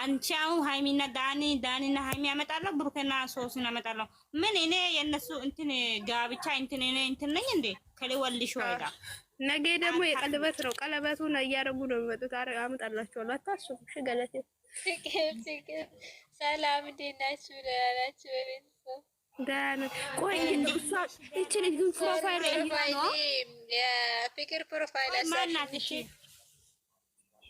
አንቺ አሁን ሃይሚና ዳኒ ዳኒና ሀይሚ አመጣለሁ፣ ብሩክና ሶስን አመጣለሁ። ምን እኔ የነሱ እንትን ጋብቻ እንትን እኔ እንትን ነኝ እንዴ? ከሌ ወልሽ ወይዳ ነገ ደግሞ የቀለበት ነው። ቀለበቱን እያደረጉ ነው የሚመጡት። አመጣላችኋለሁ፣ አታስቡ። እሺ ገለቴ ሰላም እንዴት ናችሁ? ደህና ናችሁ? ደህና ቆይ። እቺ ልጅ ግን ፕሮፋይል ነው የፍቅር ፕሮፋይል አሳሽ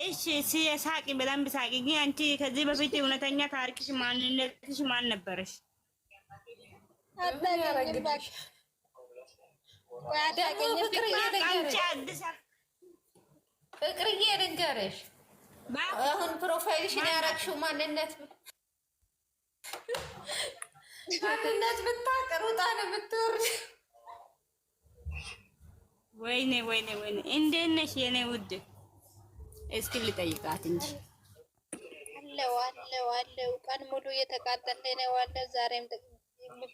እሺ እሺ፣ ሳቂ፣ በደንብ ሳቂ። ግን አንቺ ከዚህ በፊት እውነተኛ ታሪክሽ ማንነትሽ ማን ነበረሽ? ፍቅርዬ ልንገርሽ፣ አሁን ፕሮፋይልሽን ያረግሽው ማንነት ማንነት ብታቅር ውጣን ብትወር ወይኔ ወይኔ ወይኔ፣ እንዴት ነሽ የኔ ውድ እስኪ ልጠይቃት እንጂ አለው አለው አለው። ቀን ሙሉ እየተቃጠለ ነው አለው። ዛሬም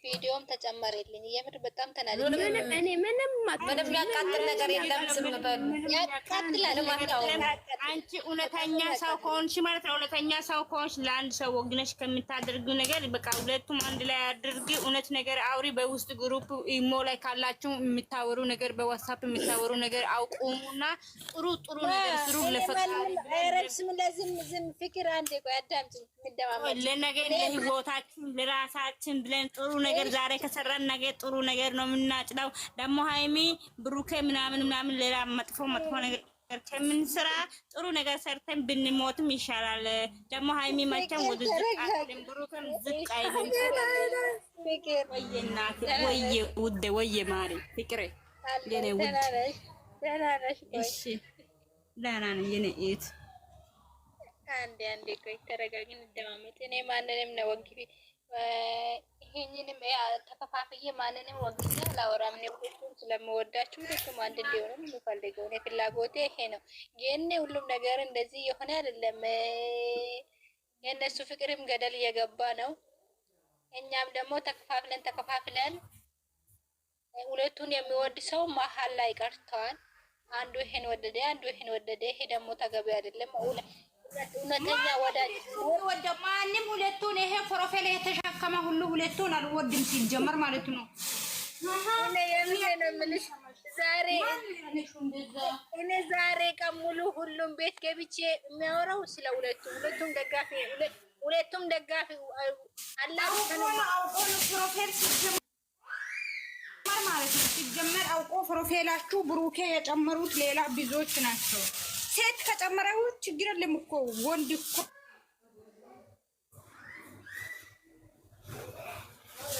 ቪዲዮም ተጨመረልኝ። የምር በጣም ተናድጄ ምንም ምንም ያቃጥል ነገር የለም። ዝም በሉ። ያቃጥላል። አንቺ እውነተኛ ሰው ከሆንሽ ማለት ነው። እውነተኛ ሰው ከሆንሽ ለአንድ ሰው ወግነሽ ከምታደርጊው ነገር በቃ ሁለቱም አንድ ላይ አድርጊ። እውነት ነገር አውሪ። በውስጥ ግሩፕ ኢሞ ላይ ካላችሁ የምታወሩ ነገር፣ በዋትሳፕ የምታወሩ ነገር አውቁሙና ጥሩ ጥሩ ነገር ስሩ። ለፈቃረስም ለዝም ዝም ፍቅር አንድ ቆይ አዳምጪ። ለነገ ለህይወታችን ለራሳችን ብለን ጥሩ ነገር ዛሬ ከሰራን ነገ ጥሩ ነገር ነው የምናጭዳው ደግሞ ሀይሚ ብሩኬ ምናምን ምናምን ሌላ መጥፎ መጥፎ ነገር ከምንስራ ጥሩ ነገር ሰርተን ብንሞትም ይሻላል። ደግሞ ሀይሚ መቼም ወደ ዝቅ አይልም፣ ዝቅ አይልም። ወየ እናቴ ወየ ውዴ ወየ ማሪ ፍቅሬ የኔ ውድ እሺ፣ ደህና ነኝ የኔ እህት። አንዴ አንዴ ቆይ ተረጋግን፣ እንደማመጥ እኔ ማንንም ነው ወግቢ ይሄንንም ተከፋፍዬ ማንንም ወግኛ ላወራም ነው። ሁሉም ስለምወዳችሁ ሁሉም አንድ እንዲሆኑ የምፈልገው እኔ ፍላጎቴ ይሄ ነው። የኔ ሁሉም ነገር እንደዚህ የሆነ አይደለም። የእነሱ ፍቅርም ገደል እየገባ ነው። እኛም ደግሞ ተከፋፍለን ተከፋፍለን ሁለቱን የሚወድ ሰው መሀል ላይ ቀርተዋል። አንዱ ይሄን ወደደ፣ አንዱ ይሄን ወደደ። ይሄ ደግሞ ተገቢ አይደለም። እውነተኛ ወዳጅ ማንም ሁለቱን ይሄ ፕሮፌል የተሸከመ ሁሉ ሁለቱን አልወድም ሲጀመር ማለት ነው። እኔ ዛሬ ቀን ሙሉ ሁሉም ቤት ገብቼ የሚያወራው ስለ ሁለቱ ሁለቱም ደጋፊ ሁለቱም ደጋፊ ማለት ነው። ሲጀመር አውቆ ፕሮፌላችሁ ብሩኬ የጨመሩት ሌላ ብዙዎች ናቸው። ሴት ከጨመረው ችግር የለም እኮ ወንድ እኮ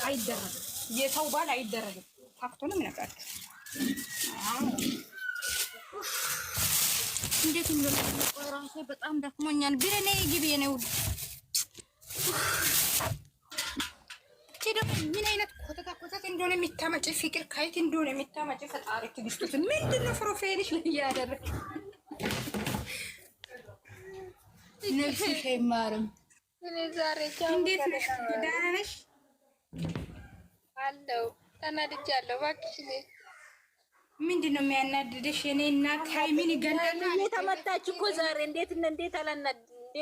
አይደረግም። የሰው ባል አይደረግም። ፋክቱንም ነገር እንዴት እንደሆነ እንደራሴ በጣም ደክሞኛል። ቢረኔ ግቢ ነው። እቺ ደግሞ ምን አይነት ኮተታ ኮተት እንደሆነ የሚታመጭ ፍቅር ከየት እንደሆነ የሚታመጭ ፈጣሪ ትግስቱት ምንድነው ፕሮፌልሽ ላይ ያደረግ ነፍስሽ አይማርም። እንዴት ነሽ? ደህና ነሽ? አለው ተናድጃለሁ። እባክሽ ምንድን ነው የሚያናድደሽ? እኔ እናት ሀይሚን ይገናል። ተመታች እኮ ዛሬ። እንዴት እንዴት አላናድ እንዴ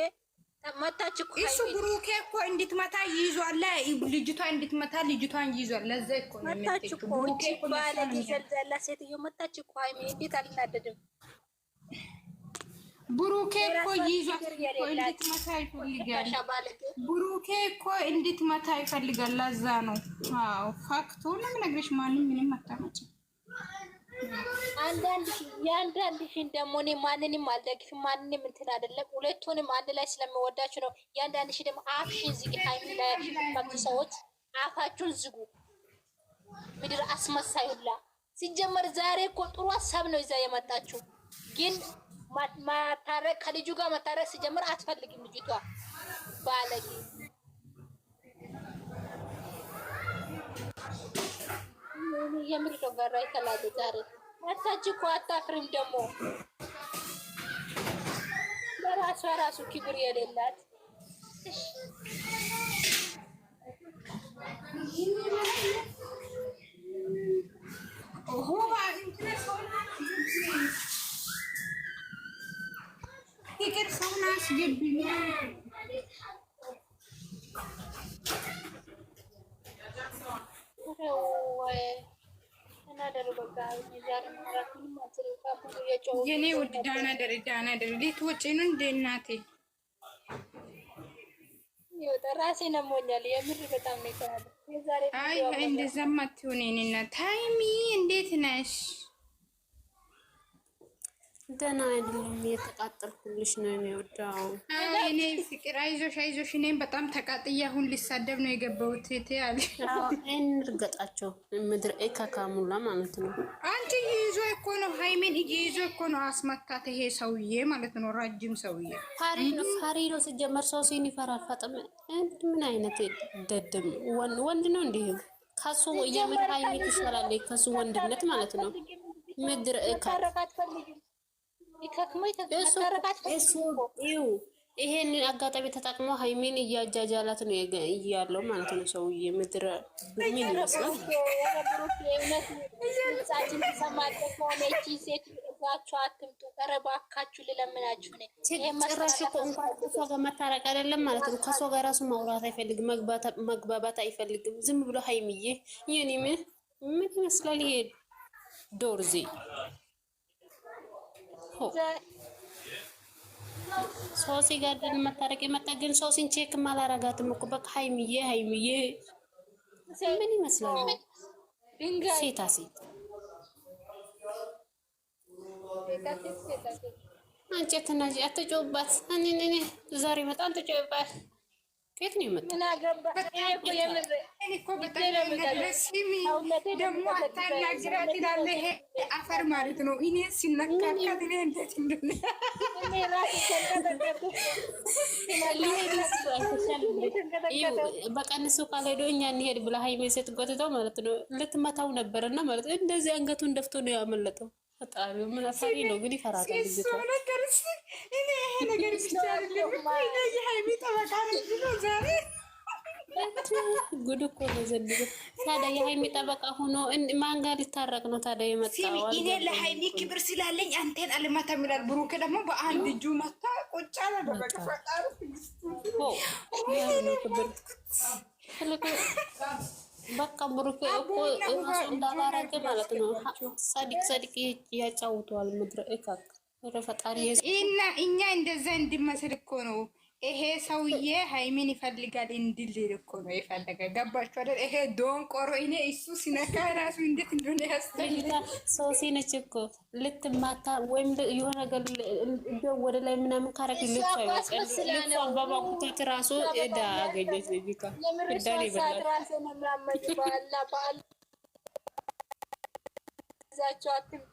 መታች እኮ እሱ ብሩኬ እኮ እንድትመታ ይዟል። ልጅቷ እንድትመታ ልጅቷን ይዟል። ለዛ እኮ መታች እኮ ባለ ዲዘል ሴትዮ መታች እኮ ሀይሚን። እንዴት አልናደድም? ብሩኬ እኮ ይዟት እንድትመታ ይፈልጋል። ብሩኬ እኮ እንድትመታ ይፈልጋል። ለዛ ነው አዎ፣ ፋክቱን ነግሬሽ ማንም ምንም አታመጭም። የአንዳንድ ሽን ደግሞ እኔ ማንንም አልደግፍም፣ ማንንም እንትን አይደለም። ሁለቱንም አንድ ላይ ስለሚወዳችሁ ነው። የአንዳንድ ሽ ደግሞ አፍሽን ዝግ። ሃይሚ ሰዎች አፋችሁን ዝጉ። ምድር አስመሳይ ሁላ ሲጀመር ዛሬ እኮ ጥሩ ሀሳብ ነው ይዛ የመጣችሁ ግን ማታረቅ ከልጁ ጋር መታረቅ ሲጀምር አትፈልግም ልጅቷ። ባለጌ የምር ገበራ ይከላል። ዛሬ መታች እኮ አታፍርም። ደግሞ ለራሷ ራሱ ክብር የሌላት ነገር ሰውን አስገብኝ። የኔ ውድ ዳና ደር ዳና ደር ልትወጪ ነው እንደ እናቴ ራሴ ነሞኛል። የምር በጣም ነው። አይ እንደዛማ አትሆን። እኔ ታይሚ እንዴት ነሽ? ደህና አይደለም። እየተቃጠልኩልሽ ነው የሚወዳው እኔ ፍቅር። አይዞሽ አይዞሽ፣ እኔም በጣም ተቃጥዬ አሁን ሊሳደብ ነው የገባሁት። ያለ እንርገጣቸው ምድር ካካሙላ ማለት ነው። አንቺ ይዞ እኮ ነው ሃይሜን ይዞ እኮ ነው አስመታት። ይሄ ሰውዬ ማለት ነው ረጅም ሰውዬ ፓሪ ነው ሲጀመር። ሰው ሲኒ ፈራፈጥም ምን አይነት ደድም ወንድ ነው እንዲህ ከሱ የምር ሃይሜ ትሰራለች። ከሱ ወንድነት ማለት ነው ምድር ካረቃት ፈልግም ይሄን አጋጣሚ ተጠቅሞ ሀይሚን እያጃጃላት ነው እያለው ማለት ነው። ሰውዬ ምድር ምን ይመስላል? ጭራሽ እኮ እንኳን ከእሷ ጋር መታረቅ አይደለም ማለት ነው። ከእሷ ጋር ራሱ ማውራት አይፈልግም፣ መግባባት አይፈልግም። ዝም ብሎ ሀይሚዬ፣ ይህን ምን ይመስላል? ይሄ ዶርዜ እኮ ሶሲ ጋር ደን መታረቅ የመጣ ግን ሶሲን ቼክ አላረጋትም እኮ በቃ ሀይሚዬ ሀይሚዬ ምን ይመስላል? ሴታ ሴት አንቺ አትናጂ፣ አትጮባት። እኔ ዛሬ በጣም ትጮባት ከየት ነው የመጣው? ደግሞ አታናግራት ይላል ይሄ አፈር ማለት ነው። እኔ ሲነካካት እኔ በቀንሱ ካልሄዶ እኛ እንሄድ ብላ ሀይሜ ሴት ጎትተው ማለት ነው ልትመታው ነበርና ማለት እንደዚህ አንገቱን ደፍቶ ነው ያመለጠው። ፈጣሪው መሳሳሪ ነው ግን ይፈራታል። እኔ ይሄ ነገር ብቻ አይደለም የሀይሚ ጠበቃ ነው ዛሬ ጉድ እኮ ነው ዘንድሮ። ታዲያ የሀይሚ ጠበቃ ሆኖ ማን ጋር ሊታረቅ ነው ታዲያ የመጣው? እኔ ለሀይሚ ክብር ስላለኝ አንተን አልመታ ይላል። ብሩክ ደግሞ በአንድ እጁ መታ ቁጫ ደበቀ ፈጣሪ በቃ ብሩኬ እኮ እራሱ እንዳላረገ ማለት ነው። ሳዲቅ ሰዲቅ ያጫውተዋል። ምድረ እካክ ረፈጣሪ እኛ እንደዛ እንድመስል እኮ ነው ይሄ ሰውዬ ሃይሚን ይፈልጋል እንድል እኮ ነው የፈለገ። ገባችሁ አይደል? ይሄ ዶንቆሮ እኔ እሱ ሲነካ ራሱ እንዴት እንደሆነ ያስተላልፋል። ሰው ሲነች እኮ ልትማታ ወይም የሆነ ነገር ወደ ላይ ምናምን ካረክ ልአበባ ኩታት ራሱ እዳ አገኘች ልጅቷ እዳ ይበላል። ዛቸው አትምጡ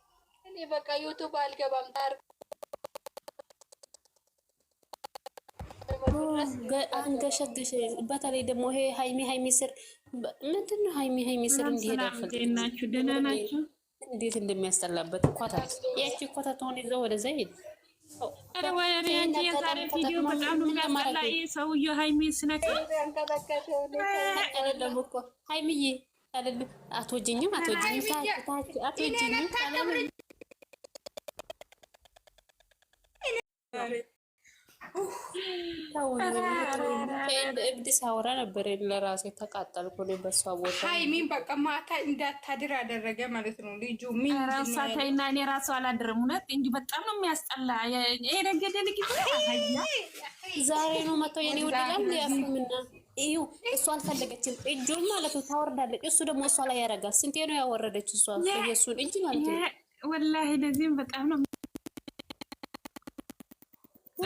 እኔ በቃ ዩቱብ አልገባም። ታር አንገሸገሸ። በተለይ ደግሞ ይሄ ሀይሚ ሀይሚ ስር ምንድን ነው? ሀይሚ ሀይሚ ስር እንዲሄድ ናችሁ። ደህና ናችሁ? እንዴት እንደሚያስጠላበት ኮታት፣ ያቺ ኮታት ሆን ይዘው ወደዛ ሄድ ሰውዬው ሀይሚ ስነካ አይደለም እኮ ሀይሚዬ አይደለም አትወጂኝም፣ አትወጂኝም፣ አትወጂኝም ከእንደ እብድ ሳውራ ነበር ለራሴ ተቃጠልኩ። እኔ ቦታ ሀይሚን በቃ ማታ እንዳታድር አደረገ ማለት ነው። ልጁ ራሳታይና እኔ ራሱ አላድርም እውነት እንጂ በጣም ነው የሚያስጠላ። የረገደ ልግ ዛሬ ነው መተው የኔ ወደላም ሊያስምና እዩ እሱ አልፈለገችም። እጁን ማለት ነው ታወርዳለች። እሱ ደግሞ እሷ ላይ ያደርጋል። ስንቴ ነው ያወረደች እሷ የሱን እጅ ማለት ነው። ወላሂ ለዚህም በጣም ነው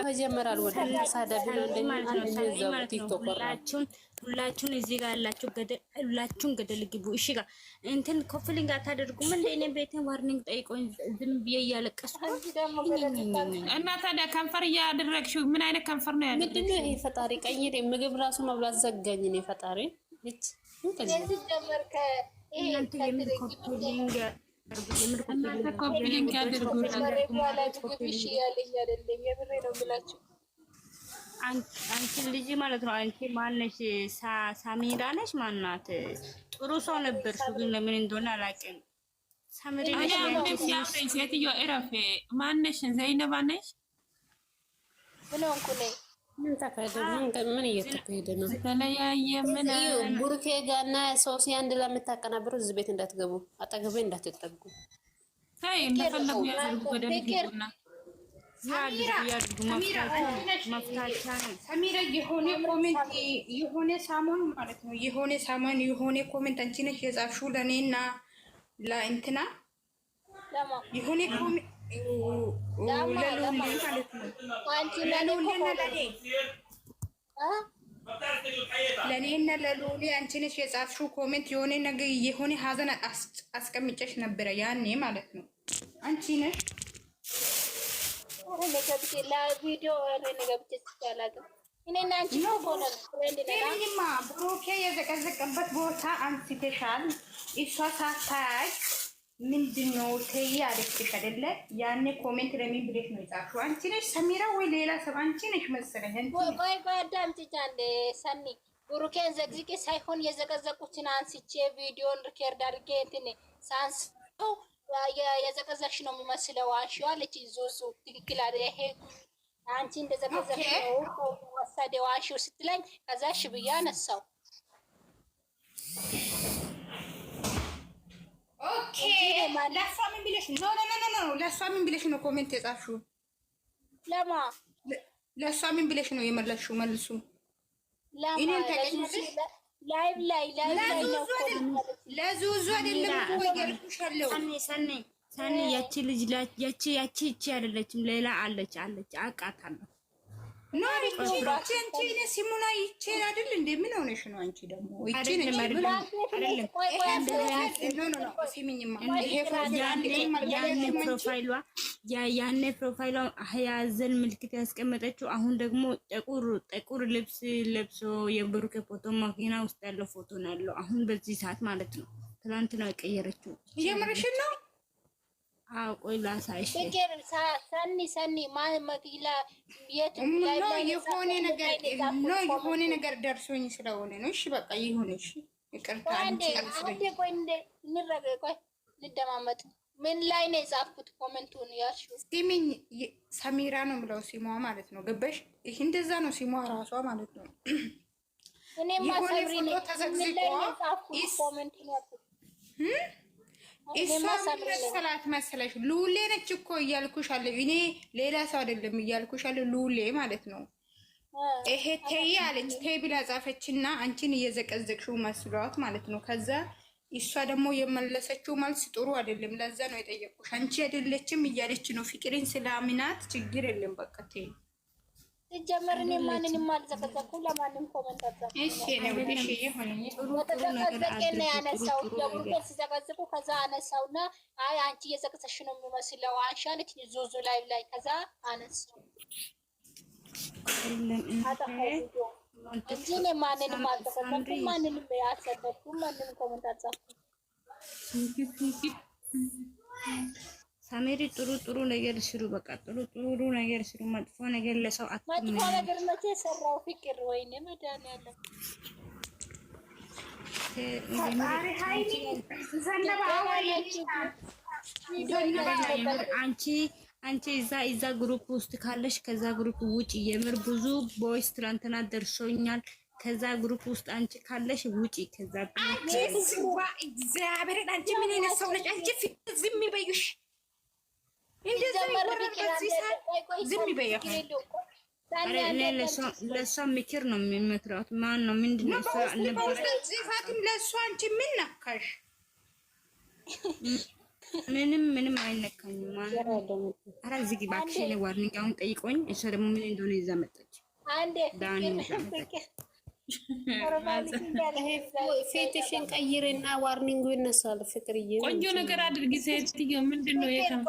መጀመሪያ አልወደም ተሳዳቢ ሁላችሁን እዚህ ጋር ያላችሁ ሁላችሁን ገደል ግቡ። እሺ ጋር እንትን ኮፍሊንግ አታደርጉም እኔ ቤትን ዋርኒንግ ጠይቆኝ ዝም ብዬ እያለቀስኩ እና ታዲያ ከንፈር እያደረግሽ ምን አይነት ከንፈር ነው ያለ? ምንድነው ይሄ ፈጣሪ ቀይሬ ምግብ ራሱ መብላት ዘጋኝ። እኔ ፈጣሪ ች ጀመር ከ አንቺን ልጅ ማለት ነው። አንቺ ማነሽ? ሳሚራ ነሽ? ማናት? ጥሩ ሰው ነበርሽ፣ ግን ለምን እንደሆነ አላውቅም። ሳሚራ ሴትዮዋ እረፍ። ማነሽ? ዘይነባ ነሽ? ምን ሆንኩ ነኝ ምን እየተካሄደ ነው? ተለያየ። ምን ቡሩኬ ጋር ሶሲ አንድ ላይ የምታቀናብሩ እዚህ ቤት እንዳትገቡ፣ አጠገቤ እንዳትጠጉ። እንደፈለጉ ያዘርጉ። ወደፊት ሄዱና ሰሚራ የሆነ ኮሜንት የሆነ ሳሞን ማለት ነው። የሆነ ሳሞን የሆነ ኮሜንት አንቺ ነሽ የጻፍሽው ለእኔና ለእንትና የሆነ ኮሜንት ለእኔና ለሉሊ አንቺ ነሽ የጻፍሽው ኮሜንት የሆነ ነገር የሆነ ሀዘን አስቀምጨሽ ነበረ ያኔ ማለት ነው። አንቺ ነሽ ብሩኬ የዘቀዘቀበት ቦታ አንስተሻል እሷ ሳታያይ ምንድነው ተይ አለችሽ አይደለ? ያኔ ኮሜንት ለምን ብለሽ ነው የጻፍሽው? አንቺ ነሽ ሰሚራ ወይ ሌላ ሰብ? አንቺ ነሽ መሰለኝ። ቆይ ቆይ አዳምጪኛል ሰኒ ብሩኬን ዘግዝቄ ሳይሆን የዘቀዘቁትን አንስቼ ቪዲዮን ሪከርድ አድርጌ እንትን ሳንስው የዘቀዘቅሽ ነው የሚመስለው አንሺው አለች። ዞሱ ትክክል አለ ይሄ አንቺ እንደዘቀዘቅሽ ነው ወሰደው አንሺው ስትለኝ ከዛ እሺ ብዬ አነሳው። ኦኬ ለእሷ ምን ብለሽ ነው? ኮሜንት የጻፍሽው? ለማ ለእሷ ምን ብለሽ ነው የመለስሽው? መልሱ እኔን ላይቭ ላይ ለዙዙ አይደለም ያቺ ልጅ ያቺ ያቺ ይቺ አይደለችም ሌላ አለች አለች ኖ ይቺ ሲሙና አይደል ነው አንቺ? ያኔ ፕሮፋይሏ ያዘን ምልክት ያስቀመጠችው አሁን ደግሞ ጥቁር ጥቁር ልብስ ለብሶ የብሩኬ ፎቶ መኪና ውስጥ ያለው ፎቶ ነው ያለው አሁን በዚህ ሰዓት ማለት ነው። ትናንት ነው የቀየረችው። ነው ቆይ ላሳይሽ። ሰኒ ሰኒ ማመቅላ የሆነ ነገር የሆነ ነገር ደርሶኝ ስለሆነ ነው። እሺ በቃ ይሁን። እሺ ይቅርታ። ቆይ ልደማመጥ። ምን ላይ ነው የጻፍኩት? ኮመንቱን ያልሽው ስሚኝ። ሰሚራ ነው ብለው ሲሟ ማለት ነው። ገበሽ? ይህ እንደዛ ነው ሲሟ ራሷ ማለት ነው። እኔ ማሰብሪ ነው ተዘግዝቆ እሷ መሰላት መሰለሽ ሉሌ ነች እኮ እያልኩሻለሁ። እኔ ሌላ ሰው አይደለም እያልኩሻለሁ። ሉሌ ማለት ነው። ይሄ ተይ አለች። ተይ ብላ ጻፈችና አንቺን እየዘቀዘቅሽው መስሏት ማለት ነው። ከዛ እሷ ደግሞ የመለሰችው መልስ ጥሩ አይደለም። ለዛ ነው የጠየቁሽ። አንቺ አይደለችም እያለች ነው። ስላምናት ችግር የለም በቃ ሲጀመር እኔ ማንንም አልዘቀዘኩም፣ ለማንም ኮመንት ተዘቀዘቀና ያነሳው ደቡበት ሲዘቀዝቁ ከዛ አነሳውና አይ አንቺ እየዘቅዘሽ ነው የሚመስለው አንሻለች ዞዞ ላይ ላይ ከዛ አነሳው እንጂ እኔ ማንንም ማንንም አልሰደኩም፣ ማንንም ኮመንት አልጻፍኩም። ሳሜሪ ጥሩ ጥሩ ነገር ስሩ። በቃ ጥሩ ጥሩ ነገር ስሩ። መጥፎ ነገር ለሰው አትመኝ። መጥፎ ነገር መቼ ሰራው? ፍቅር ወይኔ መድኃኒዓለም አንቺ አንቺ እዛ እዛ ግሩፕ ውስጥ ካለሽ ከዛ ግሩፕ ውጪ። የምር ብዙ ቦይስ ትላንትና ደርሶኛል። ከዛ ግሩፕ ውስጥ አንቺ ካለሽ ውጪ። ከዛ አንቺ እግዚአብሔርን አንቺ ምን አይነት ሰው ነች? አንቺ ዝም ይበዩሽ ለእሷ ምክር ነው የሚመክራት። ማን ነው ምንድን ነው ለእሷ አንቺ ምን ነካሽ? ምንም ምንም አይነካኝም። ኧረ ዝጊ እባክሽ። ዋርኒንግ አሁን ጠይቆኝ እሷ ደግሞ ምን እንደሆነ ይዛ መጣች። ፌትሽን ቀይሬና ዋርኒንግ ይነሳል። ፍቅርዬ ቆንጆ ነገር አድርጊ። ሴትዮ ምንድን ነው አዳምጡኝ። የምን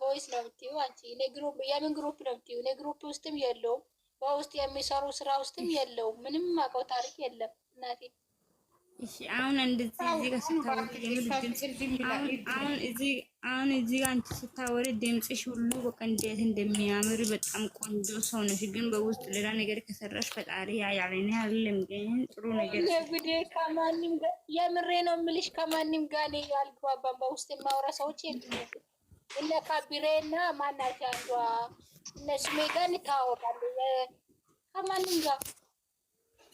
ቦይስ ነው የምትይው አንቺ? የምን ግሩፕ ነው የምትይው? እኔ ግሩፕ ውስጥም የለውም፣ በውስጥ የሚሰሩ ስራ ውስጥም የለውም። ምንም አውቀው ታሪክ የለም እናቴ እሺ አሁን እንደዚህ እዚህ ጋር ስታወሪ አሁን እዚህ ጋር አንቺ ስታወሪ ድምፅሽ ሁሉ በቃ እንዴት እንደሚያምር በጣም ቆንጆ ሰው ነሽ። ግን በውስጥ ሌላ ነገር ከሰራሽ ፈጣሪ ያያለኝ አይደለም። ግን ጥሩ ነገር ጉዴ ከማንም ጋር የምሬ ነው የምልሽ ከማንም ጋር እኔ አልግባባም። በውስጥ የማወራ ሰዎች የለም። እነ ካብሬና ማናቸው አንዷ እነ ስሜ ጋር ከማንም ጋር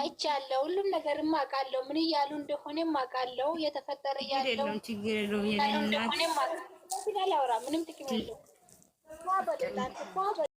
አይቻለሁ። ሁሉም ነገር አውቃለሁ። ምን እያሉ እንደሆነ አውቃለሁ። እየተፈጠረ ያለው ችግር የለውም። እንደሆነ አውቃለሁ። ምንም ጥቅም የለውም።